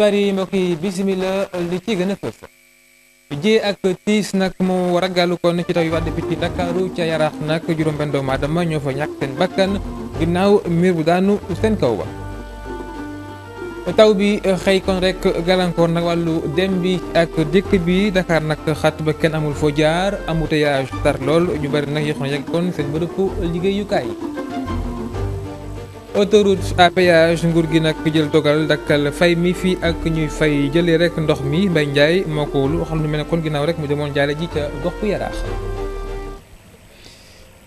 xibaar mbokk yi bisimila li ci gën ak tiis nag mu ragalu kon ci taw yu wàdd fi ci Ndakaaru ca Yaraax nag juróom-benn doomu aadama ñoo fa ñàkk seen bakkan ginnaaw miir bu daanu seen kaw ba taw bi xëy kon rek gàllankoor nag wàllu dem bi ak dikk bi Dakar nag xat ba kenn amul foo jaar embouteillage tar lool ñu bari nag yéex na yegg kon seen bërëb liggéeyukaay autoroute à péage nguur gi nag jël dogal dakkal fay mi fii ak ñuy fay jëlee rek ndox mi Mbaye Ndiaye moo ko wóolu xam ne mel ne kon ginnaaw rek mu demoon jaale ji ca gox bu yaraax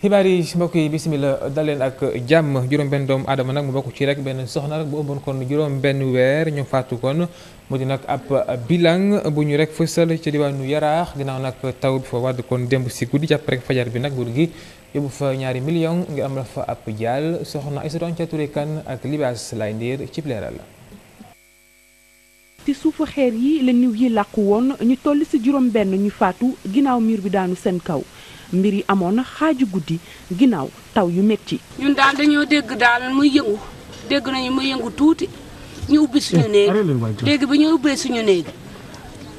xibaar yi mbokk yi bisimilah dal leen ak jàmm juróom-benn doomu aadama nag mu bokk ci rek benn soxna rek bu ëmboon kon juróom-benn weer ñu faatu kon mu di nag ab bilang bu ñu rek fësal ci diwaanu yaraax ginnaaw nag taw bi fa wàdd kon démb si guddi jàpp rek fajar bi nag nguur gi yóbbu fa ñaari million ngir am la fa ab jaal soxna Aïssatou Anthia Touré Kane ak libaas lay ndiir ci leeral la. ci suufu xeer yi la niw yi làqu woon ñu toll ci juróom-benn ñu faatu ginnaaw miir bi daanu seen kaw. mbir yi amoon na xaaju guddi ginnaaw taw yu metti ñun daal dañoo dégg daal muy yëngu dégg nañu muy yëngu tuuti ñu ubbi suñu néeg dégg bi ñu ubbee suñu néeg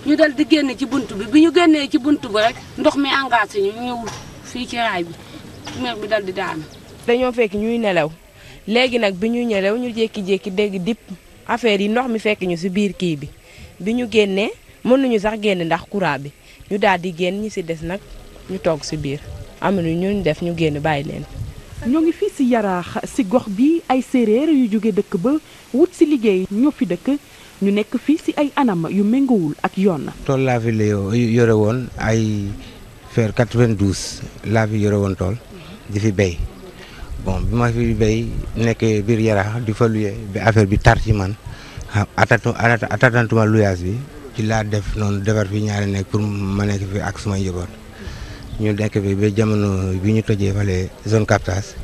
ñu dal di génn ci bunt bi bi ñu génnee ci bunt bi rek ndox mi engagé ñu ñëw fii ci raay bi mer bi dal di daanu. dañoo fekk ñuy nelaw léegi nag bi ñuy nelaw ñu jékki-jékki dégg dip affaire yi ndox mi fekk ñu si biir kii bi bi ñu génnee mënuñu sax génn ndax courant bi ñu daal di génn ñi si des nag. ñu toog si biir amuñu ñooñu def ñu génn bàyyi leen. ñoo ngi fii si yaraax si gox bi ay séeréer yu jóge dëkk ba wut si liggéey ñoo fi dëkk ñu nekk fii si ay anam yu méngowul ak yoon. tool laa fi la yore woon ay faire 92 laa fi yore woon tool di fi béy bon bi ma fi béy nekkee biir yaraax di fa luye bi affaire bi tar ci man atatu atatantuma luyaas bi ci laa def noonu defar fi ñaari nekk pour ma nekk fi ak suma njaboot. ñu nekk bi ba jamono bi ñu tojee fale zone captage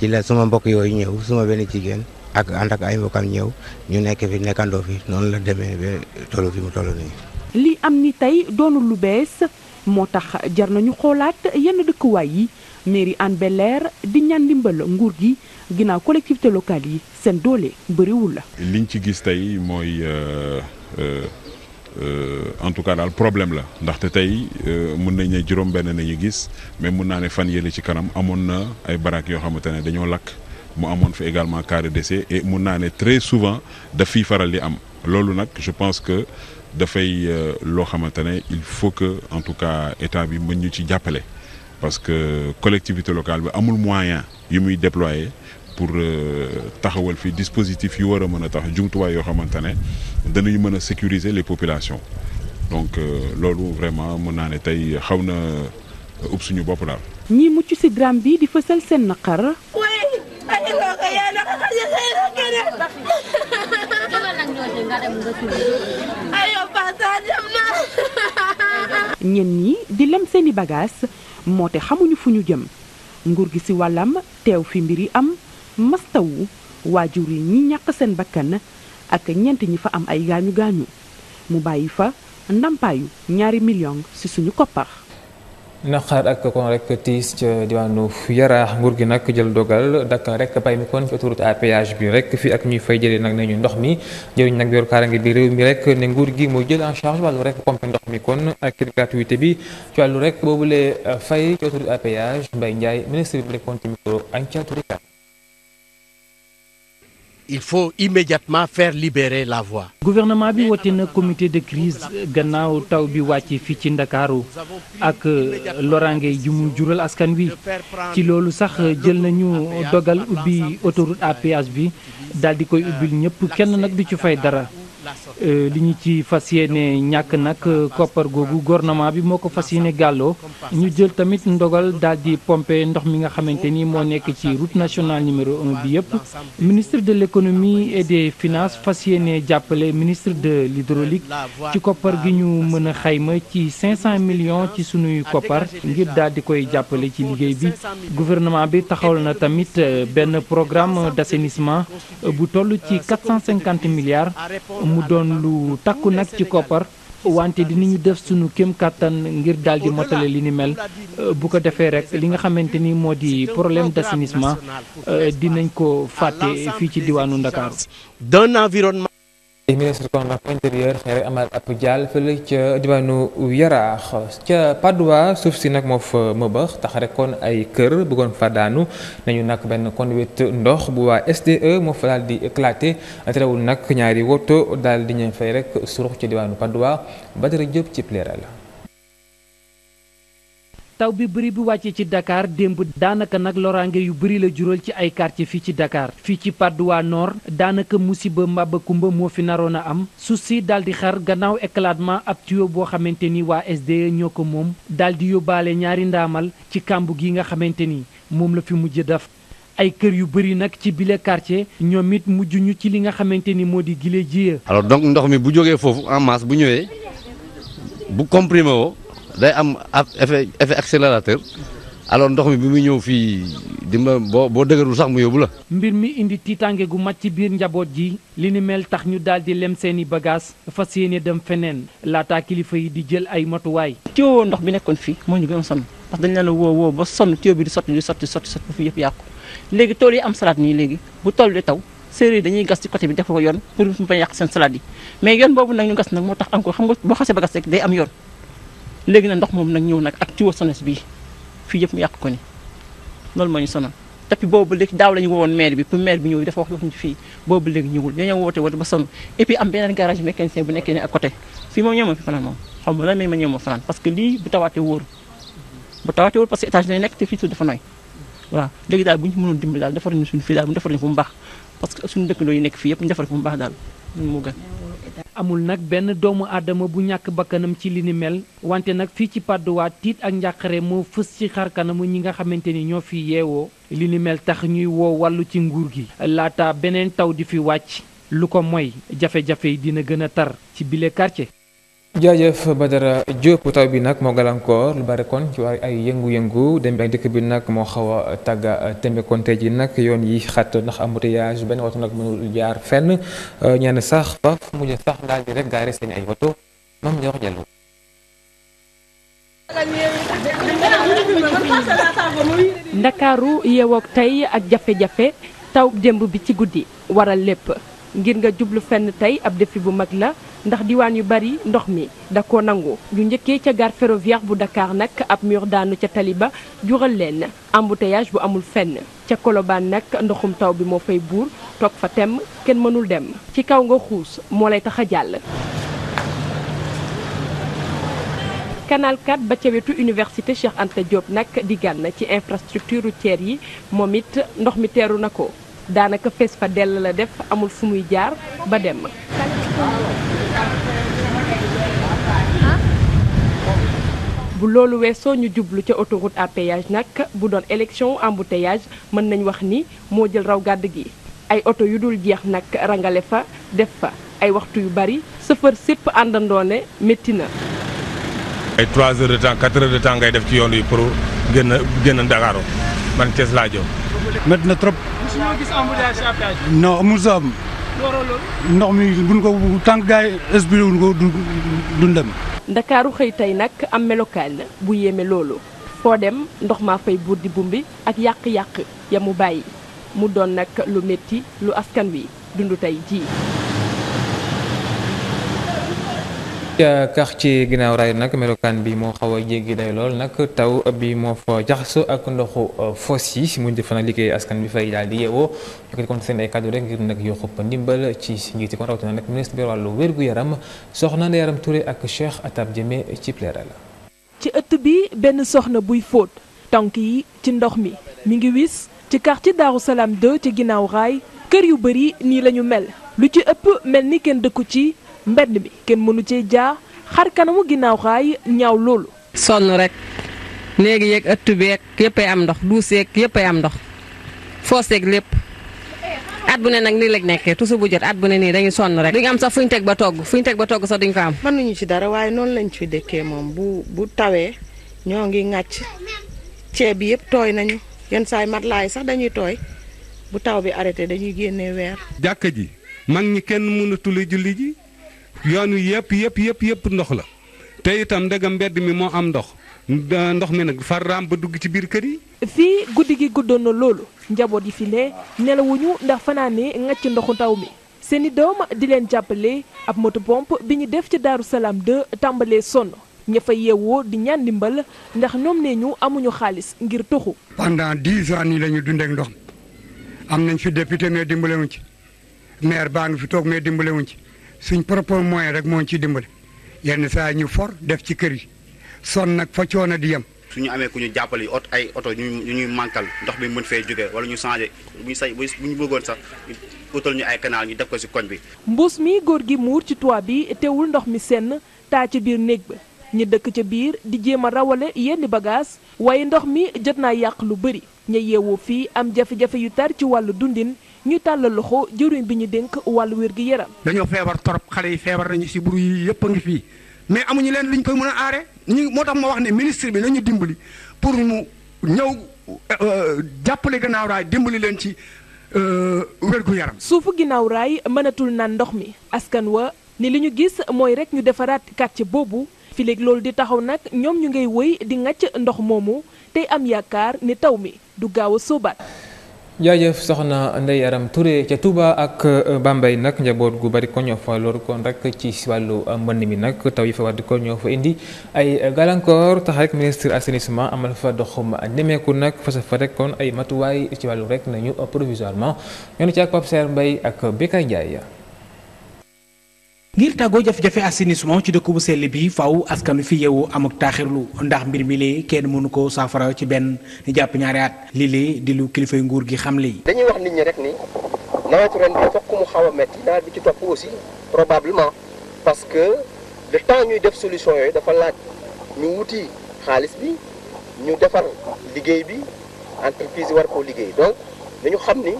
ci la suma mbokk yooyu ñëw suma benn jigéen ak ànd ak ay mbokkam ñëw ñu nekk fi nekkandoo fi noonu la demee ba tollu fi mu toll nii. lii am ni tey doonul lu bees moo tax jar nañu xoolaat yenn dëkkuwaay yi mairie Hann Bel-Air di ñaan dimbal nguur gi ginnaaw collectivité locale yi seen doole bëriwul la. liñ ci gis tey mooy. Euh, euh, Euh, en tout cas daal problème la ndaxte tey euh, mun nañ ne juróom-benn nañu gis mais mun naa ne fan yële ci kanam amoon na ay baraak yoo xamante ne dañoo lakk mu amoon fi également cas de décès et mun naa ne très souvent daf fiy faral di am loolu nag je pense que dafay euh, loo xamante ne il faut que en tout cas état bi mën ñu ci jàppale parce que collectivité locale bi amul moyen yu muy déployer. pour euh, taxawal fi dispositif yu wara mën a tax jumtuwaay yoo xamante ne danañu mën a sécuriser les populations donc euh, loolu vraiment mën naa ne tey xaw na ub euh, suñu bopp daal. ñi mucc ci drame bi di fësal seen naqar. ñenn ñi di lem seeni bagages moo te xamuñu fu ñu jëm nguur gi ci wàllam teew fi mbir yi am. mastawu waajur yi ñi ñaq seen bakkan ak ñeent ñi fa am ay gaañu gaañu bàyyi fa ndàmpaayu ñaari million ci suñu koppar. naqaar ak kon rek tiis ca diwaanu Yaraax nguur gi nak jël dogal dakk rek bay mi kon ci autoroute à péage bi rek fii ak ñuy fay jëlee nag nañu ndox mi jëriñ nag yor kaarange bi réew mi rek ne nguur gi mooy jël en charge wàllu rek pompe ndox mi kon ak gratuité bi ci wàllu rek boobulee fay ci autoroute à péage Mbaye Ndiaye ministre bi nekkoon ci micro il faut immédiatement faire libérer la voie. gouvernement bi woote na comité de crise gannaaw taw bi wàcc fii ci ndakaaru ak loraange ji mu jural askan wi ci loolu sax jël nañu dogal ubbi autoroute à bi daal di koy ubbil ñëpp kenn nag du ci fay dara. Euh, li ñu ci fas yéene ñàkk nag euh, koppar googu gouvernement bi moo ko fas yéene gàlloo ñu jël tamit ndogal daal di pomper ndox mi nga xamante ni moo nekk ci route nationale numéro un bi yëpp ministre de l'économie et des finances fas yéene jàppale ministre de l'hydraulique ci koppar gi ñu mën a xayma ci 500 millions ci sunuy koppar ngir daal di koy jàppale ci liggéey bi gouvernement bi taxawal na tamit euh, benn programme d'assainissement bu toll ci 450 milliards mu doon lu takku nag ci koppar wante dinañu def sunu kéem kàttan ngir daal di motale li ni mel euh, bu ko defee rek li nga xamante ni moo di problème d'assainissement euh, dinañ ko fàtte fii ci diwaanu Ndakaaru. ministre kon rap intérieur xëy rek amal ab jàll fële ca diwaanu yaraax ca Padoa suuf si nag moo fa mëbax tax rek kon ay kër bëggoon fa daanu nañu nag benn conduite ndox bu waa SDE moo fa daal di éclaté terewul nag ñaari woto daal di ñëw fay rek surux ca diwaanu Padoa Badara Diop ci Leral taw bi bëri bi wàccee ci dakaar démb daanaka nag loraange yu bëri la jural ci ay quartier fii ci dakaar fii ci Patte d'Oie Nord daanaka musiba mbaba kumba moo fi naroon a am suuf si daal di xar gannaaw éclatement ab tuyau boo xamante ni waa SDE ñoo ko moom daal di yóbbaale ñaari ndaamal ci kàmb gi nga xamante ni moom la fi mujj def. ay kër yu bëri nag ci bile quartier ñoom it mujj ñu ci li nga xamante ni moo di gile jiye alors donc ndox mi bu jógee foofu en bu ñëwee bu comprimé woo day am effet effet accélérateur alors ndox mi bi mu ñëw fii di ma boo boo dëgërul sax mu yóbbu la. mbir mi indi tiitaange gu mat ci biir njaboot ji li ni mel tax ñu daal di lem seen i bagages fas dem feneen laataa kilifa yi di jël ay matuwaay. tuyau ndox bi nekkoon fii moo ñu gën a sonn parce dañu leen a woo woo ba sonn tuyau bi di sotti di sotti sotti sotti ba fi yëpp yàqu léegi tool yi am salade nii léegi bu tool di taw. séeréer dañuy gas ci côté bi def ko yoon pour mu bañ a am yoon léegi nag ndox moom nag ñëw nag ak tuyau SONES bii fii yëpp mu yàq ko ni loolu moo ñu sonal depuis boobu léegi la ñu woowoon maire bi pour maire bi ñëw dafa wax nekkee ne à côté fii que lii bu tawaatee wóoru bu tawaatee wóoru parce que étage lay nekk te fii daal bu ñu mënoon dimbali daal defar ñu fii daal bu defar ñu baax parce que suñu dëkkandoo yi nekk fii yëpp ñu defar baax daal mu gën amul nag benn doomu aadama bu ñàkk bakkanam ci li wante nag fii ci Padoa tiit ak njàqare moo fës ci xar kanamu ñi nga xamante ni ñoo fi yeewoo li tax ñuy woo wàllu ci nguur gi laata beneen taw di fi wàcc lu ko moy jafe-jafe yi dina gën a tar ci bile quartier. jaajëf Badara Diop nag moo gàllankoor lu bari kon ci waa ay yëngu dem bi dëkk bi nag moo xaw a tàgga euh, tembekonte ji nag yoon yi xat ndax embouteillage benn nag mënul jaar fenn euh, ñenn sax ba mujj sax daal di rek ay woto mam ñor jàllu ndakaaru yeewook tey ak jafe-jafe taw démb bi ci guddi waral lépp ngir nga jublu fenn tey ab defi bu mag la ndax diwaan yu bari ndox mi da ko nangu yu njëkkee ca gare ferroviaire bu dakaar nag ab mur daanu ca taliba jural leen embouteillage bu amul fenn ca kolobaan nag ndoxum taw bi moo fay buur toog fa temm kenn mënul dem ci kaw nga xuus moo lay tax a jàll canal ba ca wetu université Cheikh Anta Diop nag di gànn ci infrastructure routière yi moom it ndox mi teeru na ko daanaka fees fa dell la def amul fu muy jaar ba dem bu loolu weesoo ñu jublu ca oto à péage nag bu doon élection embouteillage mën nañu wax ni moo jël raw gàdd gi ay oto yu dul jeex nag rangale fa def fa ay waxtu yu bari sëfër sépp àndandoone métti na ay trois heures de temps 4 heures temps ngay def ci yoon yi pour génn génn Dakar man Thiès laa jëm na trop non amul ndox mi buñ ko tànk gaay expliqué ko du dem. ndakaaru xëy tey nag am melokaan bu yéeme loolu foo dem ndox maa fay buur di bumbi ak yàq-yàq ya mu bàyyi mu doon nag lu metti lu askan wi dund tey jii. ca quartier ginnaaw raay nag melokaan bi moo xaw a jéggi day lool nag taw bi moo fa jaxaso ak ndoxu foos yi mu jëf nag liggéey askan bi fay daal di yeewoo ñu ko kon seen ay kàddu rek ngir nag yokku ndimbal ci njiiti kon rawatina nag ministre bi wàllu wér-gu-yaram soxna Ndeye Yaram Touré ak Cheikh Atab Diémé ci leeral ci ëtt bi benn soxna buy fóot tànk yi ci ndox mi mu ngi wis ci quartier Darou Salam 2 ci ginnaaw raay kër yu bëri nii la ñu lu ci ëpp mel ni kenn dëkku ci mbedd mi kenn mënu cee jaa xar kanamu ginnaaw xaay ñaw loolu. sonn rek léegi yeeg ëtt beeg yëppay am ndox duus yeeg yëppay am ndox foos yeeg lépp at bu ne nag nii lañ nekkee toujours bu jot at bu ne nii dañuy sonn rek. duñ am sax fuñ teg ba togg fuñ teg ba togg sax duñ ko am. mënuñu ci dara waaye noonu lañ fi dëkkee moom bu bu tawee ñoo ngi ŋàcc ceeb bi yëpp tooy nañu yenn saay laay sax dañuy tooy bu taw bi arrêté dañuy génne weer. jàkka ji mag ñi kenn mënatul julli yoon wi yëpp yëpp yëpp yëpp ndox la te itam ndegam mbedd mi moo am ndox ndox mi nag far raam ba dugg ci biir kër yi. fii guddi gi guddoon na loolu njaboot yi fi ne nelawuñu ndax fanaane ngacc ndoxu taw mi seeni doom di leen jàppale ab moto pomp bi ñu def ci Daaru Salaam 2 tàmbalee sonn ña fa yeewoo di ñaan ndimbal ndax ñoom nee ñu amuñu xaalis ngir toxu. pendant dix ans nii la ñu dundee ak ndox am nañ fi député mais dimbale ci maire baa ngi fi toog mais dimbale ci. suñ propre moyen rek moo ci dimbale yenn saa ñu for def ci kër yi son nag fa coono di su ñu amee ku ñu jàppale ot ay oto ñu ñuy mànkal ndox mi mën fee jógee wala ñu changé buñu sañ buñu bëggoon sax utal ñu ay canal ñu def ko si koñ bi. mbuus mi góor gi muur ci toit bi teewul ndox mi seen taa ci biir néeg ba ñu dëkk ca biir di jéem a rawale yenn bagage waaye ndox mi jot naa yàq lu bëri ña yeewoo fii am jafe-jafe yu tar ci wàllu dundin. ñu tàllal loxo jëriñ bi ñu dénk wàllu wér gi yaram. dañoo feebar torop xale yi feebar nañu si buru yi yëpp a ngi fii mais amuñu leen ñu koy mën a aare ñu moo tax ma wax ne ministre bi nañu dimbali pour mu ñëw euh, jàppale gannaaw raay dimbali leen ci euh, wérgu yaram. suufu ginnaaw raay mënatul naan ndox mi askan wa ni li ñu gis mooy rek ñu defaraat quartier boobu fi léegi loolu di taxaw nag ñoom ñu ngay wëy di ngàcc ndox moomu tey am yaakaar ni taw mi du gaaw a sóobaat. jaajëf soxna Ndeye Aram Touré ca Touba ak euh, Bambey nag njaboot gu bari ko ñoo fa loru kon rek ci wàllu euh, mbënn mi nag taw yi fa war di fa indi ay gàllankoor tax rek ministre assainissement amal fa doxum nemeeku nag fas fa rek kon ay matuwaay ci wàllu rek nañu provisoirement ñoo ca ak mbay Serre Mbaye ak Bekay ngir tàggoo jafe-jafe assainissement ci dëkku bu sell bi faaw askan fi yeewu am ak taaxirlu ndax mbir mi lee kenn mënu ko saafara ci benn jàpp ñaari at lii lee di lu kilifay nguur gi xam li dañuy wax nit ñi rek ni nawetu ren bi fokk mu xaw a métti nawet bi ci topp aussi probablement parce que le temps ñuy def solution yooyu dafa laaj ñu wuti xaalis bi ñu defar liggéey bi entreprise war koo liggéey donc dañu xam ni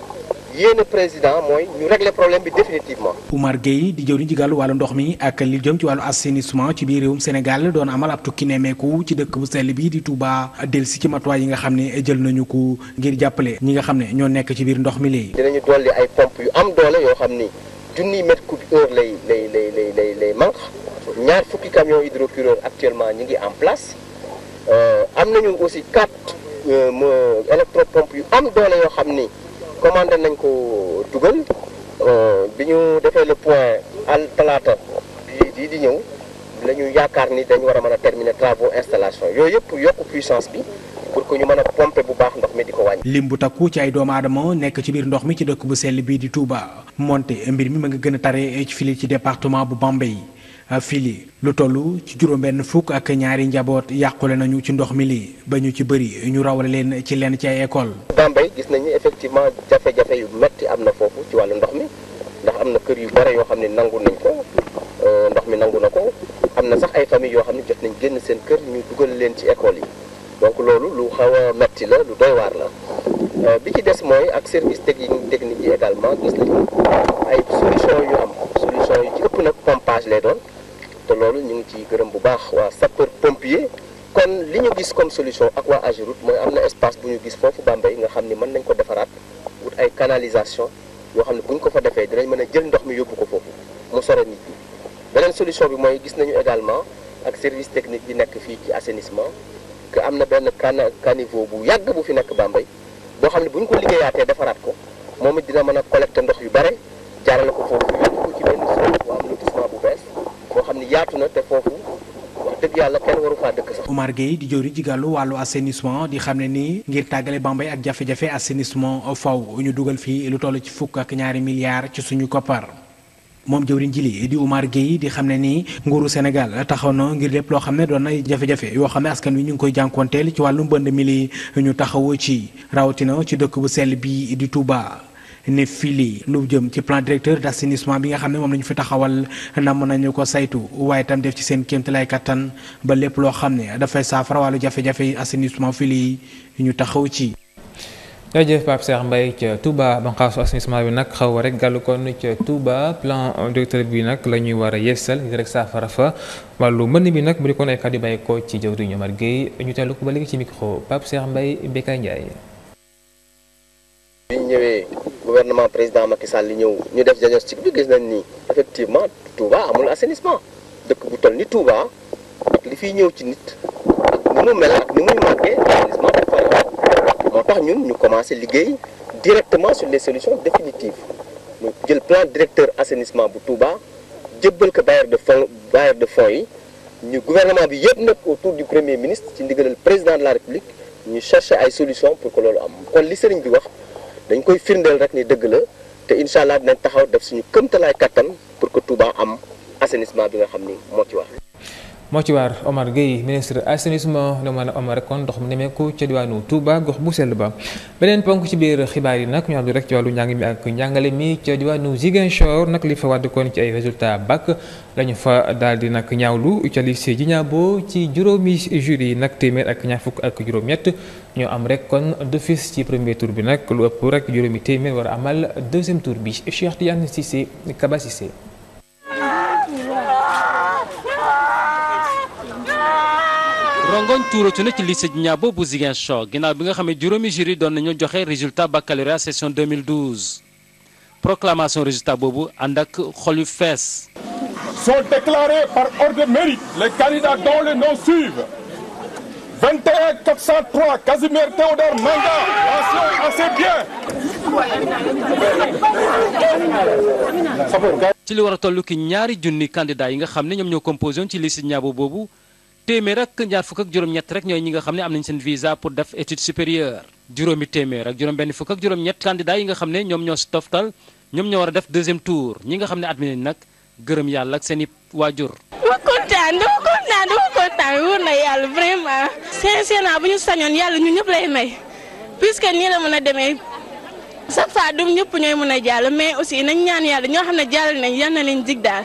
yéene président mooy ñu régler problème bi définitivement. Oumar Gueye di jëwriñ ci gàllu wàllu ndox mi ak li jëm ci wàllu assainissement ci biir réewum Sénégal doon amal ab tukki nemmeeku ci dëkk bu sell bi di Touba dellusi ci matuwaay yi nga xam ne jël nañu ko ngir jàppale ñi nga xam ne ñoo nekk ci biir ndox mi léegi. dinañu dolli ay pompe yu am doole yoo xam ni junniy mètre cube heure lay lay lay lay lay lay manque ñaar fukki camions hydrocureurs actuellement ñi ngi am place euh, am nañu aussi quatre euh, électropompes yu yoo xam ni commandé nañ ko dugal euh, bi ñu defee le point al talaata bii di ñëw la ñu yaakaar ni dañ war a mën a terminer travaux installation yooyu yëpp yokk puissance bi pour que ñu mën a pomper bu baax ndox mi di ko wàññi. lim bu takku ci ay doomu aadama nekk ci biir ndox mi ci dëkk bu sell bii di Touba. monte mbir mi ma nga gën a tare ci fili ci département bu Bambey. Ah, fili lu tollu ci juróom-benn fukk ak ñaari njaboot yàqule nañu ci ndox mi lii ba ñu ci bëri ñu rawale leen ci lenn ci ay école Bambey gis nañu effectivement jafe-jafe yu metti am na foofu ci wàllu ndox mi ndax am na kër yu bare yoo xam ne nangu nañ ko euh, ndox mi nangu na ko am na sax ay famille yoo xam ne jot nañ génn seen kër ñu dugal leen ci école yi donc loolu lu xaw a metti la lu doy waar la euh, bi ci des mooy ak service technique technique yi également gis nañu opération yi ci ëpp nag pompage lay doon te loolu ñu ngi ciy gërëm bu baax waa sapeur pompier kon li ñu gis comme solution ak waa Ageroute mooy am na espace bu ñu gis foofu Bambey nga xam ni mën nañ ko defaraat wut ay canalisation yoo xam ne bu ñu ko fa defee dinañ mën a jël ndox mi yóbbu ko foofu mu sore nit ñi beneen solution bi mooy gis nañu également ak service technique bi nekk fii ci assainissement que am na benn cana caniveau bu yàgg bu fi nekk Bambey boo xam ne bu ko liggéeyaatee defaraat ko moom dina mën a collecter ndox yu bare jaarale ko foofu yóbbu ko ci benn zone bu am lotissement bu bees boo xam ne yaatu na te foofu wax dëgg yàlla kenn waru faa dëkk sax. Omar Gueye di jëwri jigalu wàllu assainissement di xam ne nii ngir tàggale Bambey ak jafe-jafe assainissement faw ñu dugal fii lu toll ci fukk ak ñaari milliards ci suñu koppar. moom jëwriñ ji li di Oumar Gueye di xam ne nii nguuru Sénégal taxaw na ngir lépp loo xam ne doon na jafe-jafe yoo xam ne askan wi ñu ngi koy jànkuwanteel ci wàllu mbënd mi ñu taxawu ci rawatina ci dëkk bu sell bii di Touba. ne fili lu jëm ci plan directeur d' assainissement bi nga xam ne moom la ñu fi taxawal nam nañu ko saytu waaye tam def ci seen kéemti lay kattan ba lépp loo xam ne dafay saafara wàllu jafe-jafe assainissement fili ñu taxaw ci. jërëjëf Pape Cheikh Mbaye ca Touba banqaasu assainissement bi nag xaw rek gàllu kon ca Touba plan directeur bi nag la ñuy war a yeesal ngir rek saafara fa wàllu mën bi nag mu di kon ay kàddu bay koo ci jawriñ Omar Gueye ñu teelu ko ba léegi ci micro Pape seex Mbaye Bekay Ndiaye bi ñëwee gouvernement président Macky Sall li ñëw ñu def diagnostic bi gis nañ ni effectivement Touba amul assainissement dëkk bu toll ni Touba ak li fiy ñëw ci nit ak ni mu mel ak ni muy manqué assainissement moo tax ñun ñu commencé liggéey directement sur les solutions définitives mu jël plan directeur assainissement bu Touba jébbal ko bailleur de fonds bailleur de fonds yi ñu gouvernement bi yëpp nag autour du premier ministre ci ndigalal président de la république ñu chercher ay solutions pour loolu am kon li sëriñ bi wax. dañ koy firndeel rek ni dëgg la te incha allah dinañ taxaw def suñu këmtalaay kattan pour que Touba am assainissement bi nga xam ni moo ci wax moo ci waar Omar Gueye ministre assainissement ne mën a Omar kon ndox mu nemeeku ca diwaanu Touba gox bu sell ba beneen ponk ci biir xibaar yi nag ñu àddu rek ci wàllu njàng mi ak njàngale mi ca diwaanu Ziguinchor nag li fa wàdd koon ci ay résultat bac lañu fa daal di nag ñaawlu ca lycée Djignabo ci juróomi jury yi nag téeméer ak ñaar fukk ak juróom-ñett ñoo am rek kon d'office ci premier tour bi nag lu ëpp rek juróomi téeméer war amal deuxième tour bi Cheikh Tidiane Cissé Kaba Cissé rongoñ tuuratu na ci lycée Djignabo bu Ziguinchor ginnaaw bi nga xam ne juróomi jury doon nañu joxe résultat baccalauréat session 2012 proclamation résultat boobu ànd ak xol yu fees. sont déclarés par ordre de mérite les candidats dont les suivent Casimir Théodore Manga mention assez bien. ci li war a toll ki ñaari junni candidats yi nga xam ne ñoom ñoo composé ci lycée Djignabo boobu. téeméer ak ñaar fukk ak juróom-ñett rek ñooy ñi nga xam ne am nañ seen visa pour def étude supérieure juróomi téeméer ak juróom benn fukk ak juróom-ñett candidat yi nga xam ne ñoom ñoo si toftal ñoom ñoo war a def deuxième tour ñi nga xam ne admis nañ nag gërëm i waajur. ma kontaan dama kontaan dama na yàlla vraiment. sincèrement bu ñu sañoon yàlla ñun ñëpp lay may puisque nii la mën a demee sa fois du ñëpp ñooy mën a jàll mais aussi nañ ñaan yàlla ñoo xam ne jàll nañ yal na leen dig daal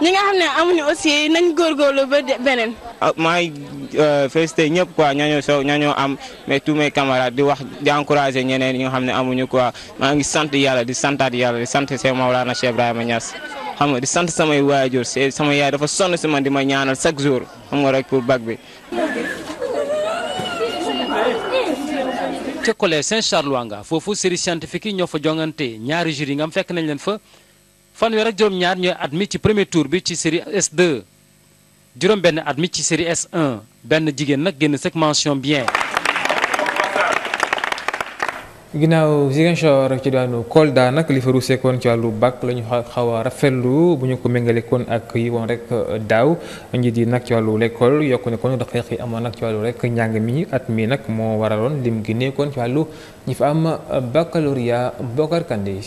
ñi nga xam ne amuñu aussi nañ góorgóorlu ba beneen. Ah, maa ngi euh, félicité ñëpp quoi ñañoo am mais tous mes di wax di encouragé ñeneen ñi nga xam ne amuñu quoi maa ngi sant yàlla di santaat yàlla di sant seen Maolana Cheikh Ibrahima Niass xam di sant samay waajur sama yaay dafa sonn si ma ñaanal chaque jour xam nga rek pour bac bi. ca collège Saint-Charles Wanga foofu série scientifique yi ñoo fa jongante ñaari jury yi nga am fekk nañ leen fa fanweer ak juróom-ñaar ñooy admis ci premier tour bi ci série s juróom benn at mi ci série benn jigéen nag génn sek mention bien. ginnaaw ci daanu Kolda nag li fa ruuseekoon ci wàllu bac la ñu xaw a rafetlu bu ñu ko méngale ak yi woon rek euh, daaw njiit yi nag ci wàllu lekkool yokk ne kon dafay xëy amoon nag ci wàllu rek njàng mi at mii nag moo waraloon lim gi nekkoon ci wàllu ñi fi am euh, baccalauréat Bokar Kandé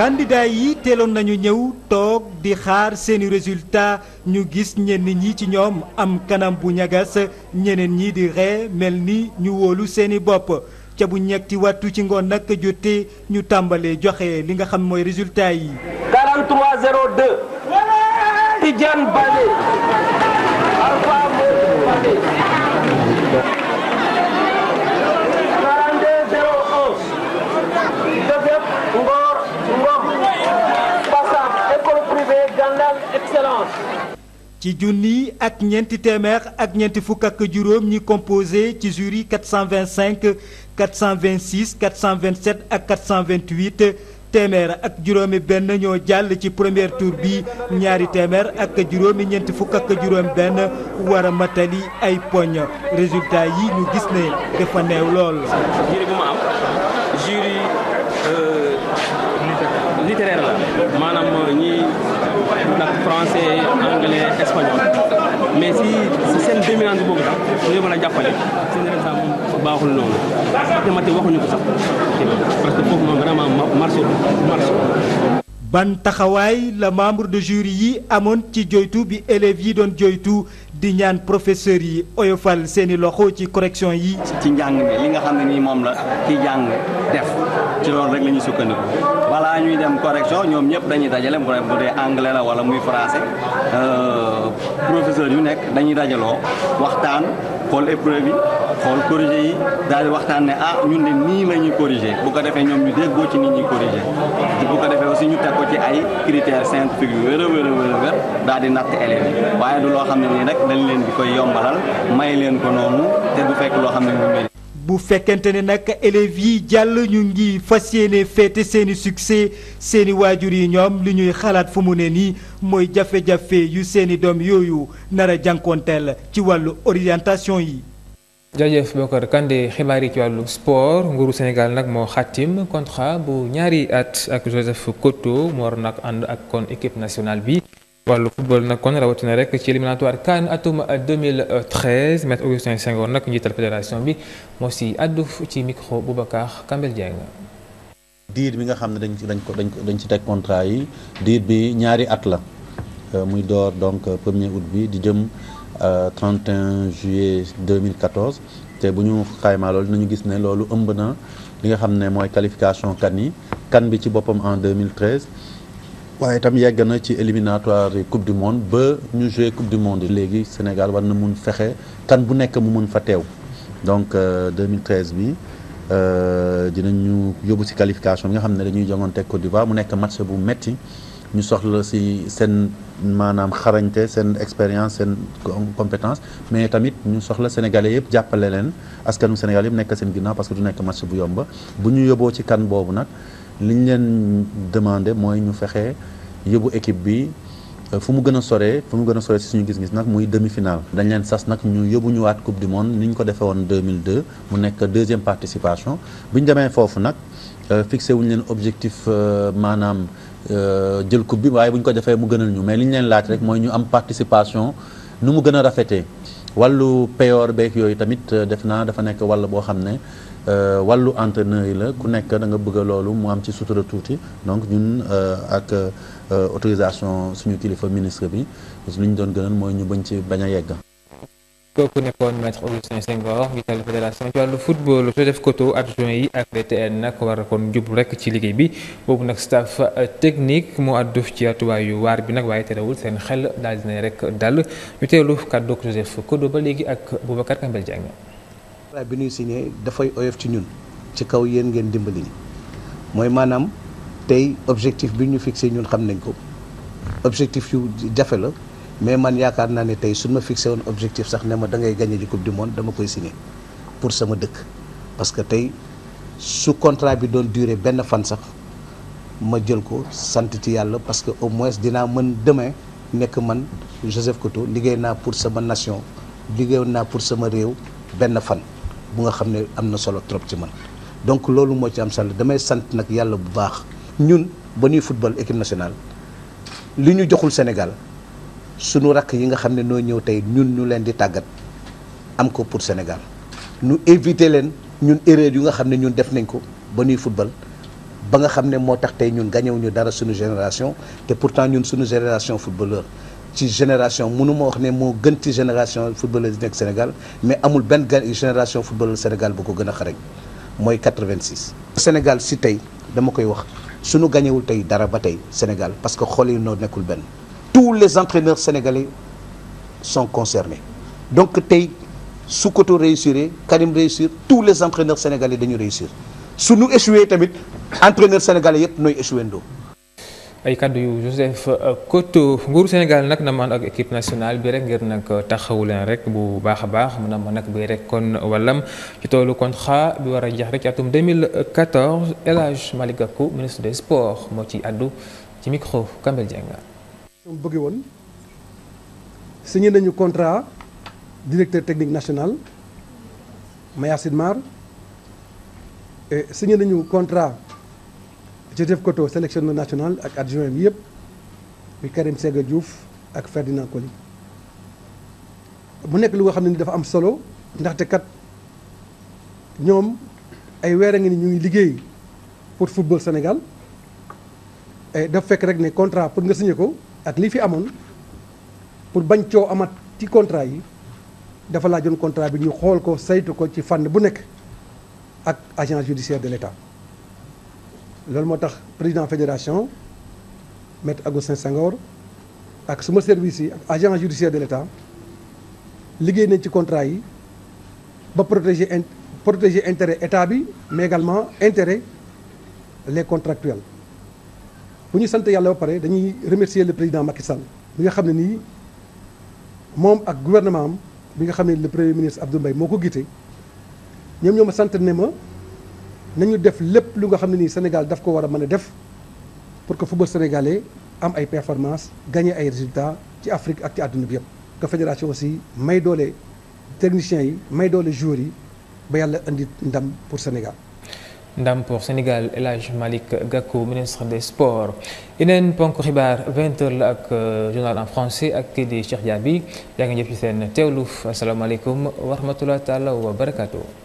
candidat yi teeloon nañu ñëw toog di xaar seeni résultat ñu gis ñenn ñi ci ñoom am kanam bu ñagas ñeneen ñi di ree mel ni ñu wóolu seeni bopp ca bu ñetti wattu ci ngoon nag jotee ñu tàmbalee joxe li nga xam mooy résultat yi 4302 Tidiane Baldé Alpha Modou Baldé ci junni ak ñeenti téeméer ak ñeenti fukk ak juróom ñi composé ci jury 425 426 427 ak 428 téeméer ak juróomi benn ñoo jàll ci première tour bi ñaari téeméer ak juróomi ñeenti fukk ak juróom benn war a matali ay poñ résultat yi ñu gis ne dafa neew lool. mais si si seen a jàppale taxawaay la membre de jury yi amoon ci joytu bi élèves yi doon joytu di ñaan professeurs yi oyofal seeni loxo ci correction yi ci njàng mi li nga xam ne nii moom la ki jàng def ci loolu rek la ñu balaa ñuy dem correction ñoom ñëpp dañuy dajale bu dee anglais la wala muy français euh, professeur yu nekk dañuy dajaloo waxtaan xool épreuve yi xool corrigé yi daal di waxtaan ne ah ñun de nii la ñuy corrigé bu ko defee ñoom ñu déggoo ci nit ñuy corrigé bu ko defee aussi ñu teg ko ci ay critères scientifiques yu wér a wér a wér a wér daal di natt élèves yi waaye du loo xam ne nii rek dañ leen di koy yombalal may leen ko noonu te du fekk loo xam ne mu mel bu fekkente ne nag élèves yi jàll ñu ngi fas yéene féete seeni succès seeni waajur yi ñoom li ñuy xalaat fu mu ne nii mooy jafe-jafe yu seeni doom yooyu nar a jànkoonteel ci wàllu orientation yi. jaajëf Bokar Kandé xibaar yi ci wàllu sport nguuru Sénégal nag moo xàttim contrat bu ñaari at ak Joseph Koto mu war nag ànd ak kon équipe nationale bi. wàllu football na kon rawatina rek ci éliminatoire CAN atum 2013 maître Augustin Senghor nag njiital fédération bi moo si àddu ci micro Boubacar Kambel Dieng. diir bi nga xam ne dañ ci dañ ko dañ ko dañ ci teg contrat yi diir bi ñaari at la euh, muy door donc premier août bi di jëm 31 euh, juillet 2014 te bu ñu xaymaa loolu nañu gis ne loolu ëmb na li nga xam ne mooy qualification CAN yi CAN bi ci boppam en 2013. waaye itam yegg na ci éliminatoire coupe du monde ba ñu joué coupe du monde léegi Sénégal war na mun fexe kan bu nekk mu mun fa teew donc 2013 euh, bi euh, dinañu yóbbu si qualification bi nga xam ne dañuy jongante Côte d'Ivoire mu nekk match bu metti ñu soxla si seen maanaam xarañte seen expérience seen compétence mais tamit ñu soxla sénégalais yëpp jàppale leen askanu Sénégal yëpp nekk seen ginnaaw parce que du nekk match bu yomba bu ñu yóbboo ci kan boobu nag. li ñu leen demandé mooy ñu fexe yóbbu équipe bi euh, fu mu gën a soree fu mu gën a soree si suñu gis-gis nag muy demi-finale dañ leen sas nag ñu yóbbu ñu waat coupe du monde ni ñu ko defee woon 2002 mu nekk deuxième participation bi ñu demee foofu nag euh, fixé wuñu leen objectif euh, maanaam jël coupe bi waaye bu ñu ko defee mu gënal ñu mais li ñu leen laaj rek mooy ñu am participation nu mu gën a rafetee wàllu payoor beeg yooyu tamit euh, def naa dafa nekk wàll boo xam ne euh, wàllu entraîneur yi la ku nekk da nga bëgg loolu mu am ci sutura tuuti donc ñun euh, ak autorisation suñu kilifa ministre bi lu ñu doon gënal mooy ñu bañ ci bañ a yegg. kooku nekkoon maître Augustin Senghor njiitalu fédération ci wàllu football Joseph Koto adjoint yi ak VTN nag war kon jublu rek ci liggéey bi boobu nag staff euh, technique moo àddu ci atuwaayu waar bi nag waaye terewul seen xel daal dina rek dal ñu teelu kàddu ak Joseph ba léegi ak Boubacar Kambel Diagne. bi ñuy dafay oyof ci ñun ci kaw yéen ngeen dimbali mooy maanaam tey objectif bi ñu fixé ñun xam nañ ko objectif yu jafe la. mais man yaakaar naa ne tey suñ ma fixé woon objectif sax ne ma dangay ngay gagné ji coupe du monde dama koy signé pour sama dëkk parce que tey su contrat bi doon durer benn fan sax ma jël ko sant ci yàlla parce que au moins dinaa mën demain nekk man Joseph coto liggéey naa pour sama nation liggéey naa pour sama réew benn fan bu nga xam ne am na solo trop ci man donc loolu moo ci am solo damay sant nag yàlla bu baax ñun ba nuy football équipe nationale li ñu joxul Sénégal sunu rakk yi nga xam ne noo ñëw tey ñun ñu leen di tàggat am ko pour Sénégal ñu invité leen ñun erreur yu nga xam ne ñun def nañ ko ba nuy football ba nga xam ne moo tax tey ñun gañewuñu dara suñu génération te pourtant ñun suñu génération footballeur ci génération mënu ma wax ne moo gën ci génération footballeur yi nekk Sénégal mais amul benn génération footballeur Sénégal bu ko gën a xarañ mooy 86. Sénégal si tey dama koy wax suñu gañewul tey dara ba tey Sénégal parce que xool yi noo nekkul benn. tous les entraîneurs sénégalais sont concernés donc tey su Koto réussir Karim réussir tous les entraîneurs sénégalais dañu réussir su ñu échoué tamit entraîneurs sénégalais yëpp nooy échoué ndoo ay kaddu yu Joseph euh, Koto nguuru Sénégal nag na man ak équipe nationale bi rek ngir nag taxawu leen rek bu baax a baax mu na ma nag bi rek kon walam ci toolu contrat bi war a jeex rek ci atum 2014 El Hadj Malick Gakou ministre des sports moo ci addu ci micro Kambel Dieng ñoom bëgge woon signé nañu contrat directeur technique national Mayacine Mar signé nañu contrat Joseph Koto sélectionneur national ak adjoint bi yëpp muy Karim Séga Diouf ak Ferdinand Coly mu nekk lu nga xam ne ni dafa am solo ndaxte kat ñoom ay weer a ngi ni ñu ngi liggéey pour football Sénégal daf fekk rek ne contrat pour nga signé ko ak li fi amoon pour bañ coow amat ci contrat yi dafa laajoon contrat bi ñu xool ko saytu ko ci fànn bu nekk ak agence judiciaire de l'État loolu moo tax président fédération maître Augustin Senghor ak suma service yi ak agence judiciaire de l'État liggéey nañ ci contrat yi ba protéger protéger intérêt état bi mais également intérêt les contractuels bu ñu sant yàlla ba pare dañuy remercier le président Macky Sall bi nga xam ne nii moom ak gouvernement am bi nga xam ne le premier ministre Abdou mbay moo ko giite ñoom ñoo ma sant ne ma nañu def lépp lu nga xam ne nii Sénégal daf ko war a mën a def pour que football sénégalais am ay performance gagner ay résultat ci Afrique ak ci àdduna bi yëpp. que fédération aussi may doole techniciens yi may doole joueurs yi ba yàlla indi ndam pour Sénégal. ndam pour Sénégal El Hadj Malick Gakou ministre des sports yeneen ponk xibaar 20 la ak euh, journal en français ak kii di Cheikh Diaby yaa ngi jëf ci seen teewlu asalaamaaleykum wa rahmatulah taala wa barakaatu.